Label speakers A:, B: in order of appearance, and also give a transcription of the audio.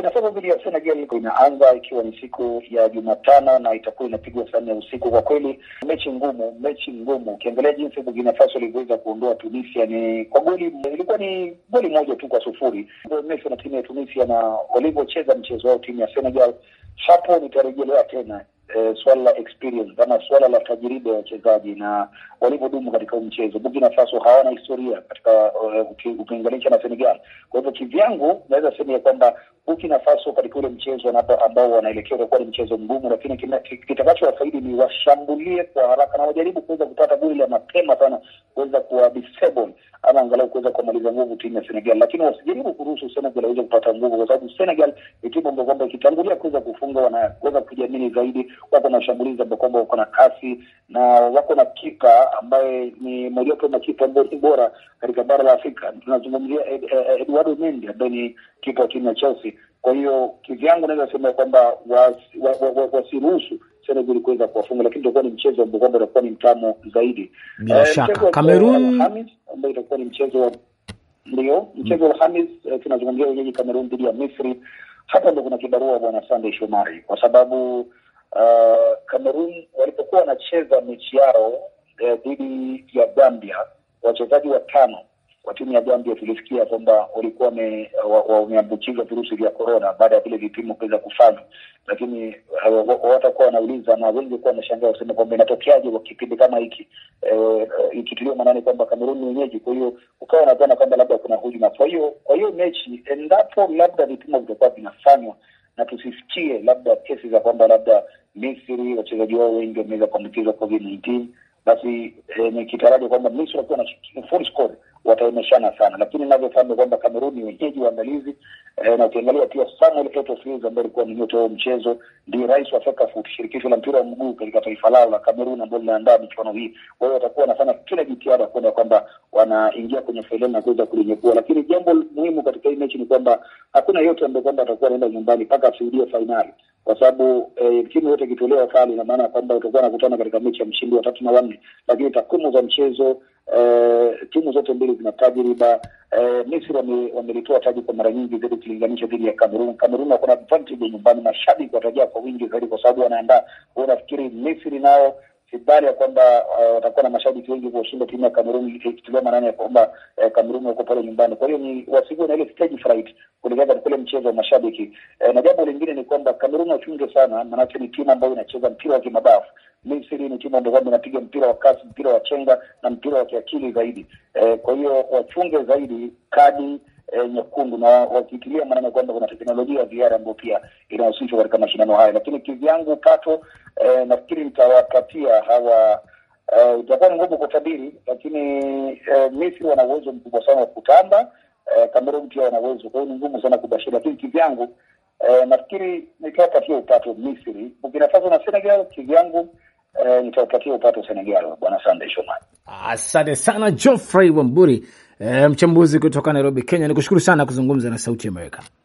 A: tunasema biliasio ya senegal inaanza ikiwa ni siku ya Jumatano na itakuwa inapigwa saa nne usiku. Kwa kweli mechi ngumu, mechi ngumu. Ukiangalia jinsi Burkina Faso ilivyoweza kuondoa Tunisia ni kwa goli, ilikuwa ni goli moja tu kwa sufuri. Messi na timu ya Tunisia na walivyocheza mchezo wao timu ya Senegal, hapo nitarejelea tena eh, swala la experience ama swala la tajriba ya wachezaji na walivyodumu katika huu mchezo. Burkina Faso hawana historia katika uh, ukilinganisha na Senegal. Kwa hivyo kivyangu, naweza sema ya kwamba Burkina Faso katika ule mchezo ambao wanaelekea utakuwa ni mchezo mgumu, lakini kitakachowafaidi ni washambulie kwa haraka na wajaribu kuweza kupata goli la mapema sana kuweza kuwa disable ama angalau kuweza kumaliza nguvu timu ya Senegal, lakini wasijaribu kuruhusu Senegal aweze kupata nguvu, kwa sababu Senegal ni timu ambayo kwamba ikitangulia kuweza kufunga wanaweza kujiamini zaidi wako na shambulizi ambao kwamba wako na kasi na wako na kipa ambaye ni mojawapo ya makipa ambayo ni bora katika bara la Afrika. Tunazungumzia ed, ed, Eduardo Mendy ambaye ni kipa wa timu ya Chelsea. Kwa hiyo kivyangu naweza sema ya kwamba wasiruhusu Senegal kuweza kuwafunga, lakini itakuwa ni mchezo ambao kwamba utakuwa ni mtamo zaidi, bila eh, shaka Cameroon, ambayo itakuwa ni mchezo wa ndio mchezo wa Alhamis. Eh, tunazungumzia wenyeji Kamerun dhidi ya Misri. Hapa ndo kuna kibarua bwana Sandey Shomari, kwa sababu Uh, Cameroon uh, walipokuwa wanacheza mechi yao eh, dhidi eh, ya Gambia, wachezaji watano wa timu ya Gambia tulisikia kwamba walikuwa wameambukizwa virusi vya korona baada ya vile vipimo kuweza kufanywa, lakini eh, watakuwa wanauliza na wengi kuwa wanashangaa wasema kwamba inatokeaje kwa kipindi kama hiki, e, e, ikitiliwa maanani kwamba Kamerun ni wenyeji. Kwa hiyo ukawa unaona kwamba labda kuna hujuma. Kwa hiyo kwa hiyo mechi, endapo labda vipimo vitakuwa vinafanywa na tusisikie labda kesi za kwamba labda Misri wachezaji wao wengi wameweza kuambukizwa COVID-19, basi eh, nikitaraja kwamba Misri wakiwa na full wataonyeshana sana, lakini ninavyofahamu kwamba Kamerun ni wenyeji waandalizi eh, na ukiangalia pia Samuel Eto'o ambaye alikuwa ni nyota wa mchezo, ndiye rais wa CECAFOOT, shirikisho la mpira wa mguu katika taifa lao la Kamerun, ambao linaandaa michuano hii. Kwa hiyo watakuwa wanafanya kila jitihada kuona kwamba wanaingia kwenye fainali na kuweza kulinyekua, lakini jambo muhimu katika hii mechi ni kwamba hakuna yote ambaye kwamba atakuwa anaenda nyumbani mpaka ashuhudie fainali kwa sababu eh, timu yote ikitolewa kali, ina maana kwamba utakuwa anakutana katika mechi ya mshindi wa tatu na wanne, lakini takwimu za mchezo eh, timu zote mbili zina tajriba. Eh, Misri wamelitoa taji kwa mara nyingi zaidi ukilinganisha dhidi ya kamerun kamerun wako na advantage ya nyumbani, mashabiki watajaa kwa wingi zaidi kwa sababu wanaandaa. Nafikiri Misri nao habari ya kwamba uh, watakuwa uh, na mashabiki wengi kushinda timu ya Kamerun, ikitiliwa maanani ya kwamba eh, Kamerun wako pale nyumbani. Kwa hiyo ni wasiwe na ile stage fright kulingana na kule mchezo wa mashabiki eh, na jambo lingine ni kwamba Kamerun wachunge sana, maanake ni timu ambayo inacheza mpira wa kimabafu. Misri ni timu ambayo inapiga mpira wa kasi, mpira wa chenga na mpira wa kiakili zaidi. Eh, kwa hiyo wachunge zaidi kadi E, nyekundu na wakitilia maana kwamba kuna teknolojia ya VR ambayo pia inahusishwa katika mashindano haya. Lakini kivyangu pato eh, nafikiri nitawapatia hawa e, itakuwa ni ngumu kutabiri, lakini e, eh, Misri wana uwezo mkubwa sana wa kutamba e, eh, Kamerun pia wana uwezo, kwa hiyo ni ngumu sana kubashiri, lakini kivyangu e, nafikiri nitawapatia upato Misri, Burkina Faso na Senegal kivyangu e, nitawapatia upato Senegal. Bwana Sande Shomani, asante sana Geoffrey Wamburi, e, mchambuzi kutoka Nairobi, Kenya. ni kushukuru sana kuzungumza na Sauti ya Amerika.